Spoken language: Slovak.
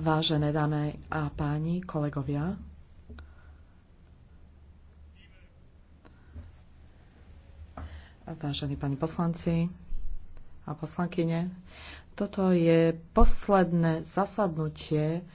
Vážené dámy a páni, kolegovia, vážení pani poslanci a poslankyne, toto je posledné zasadnutie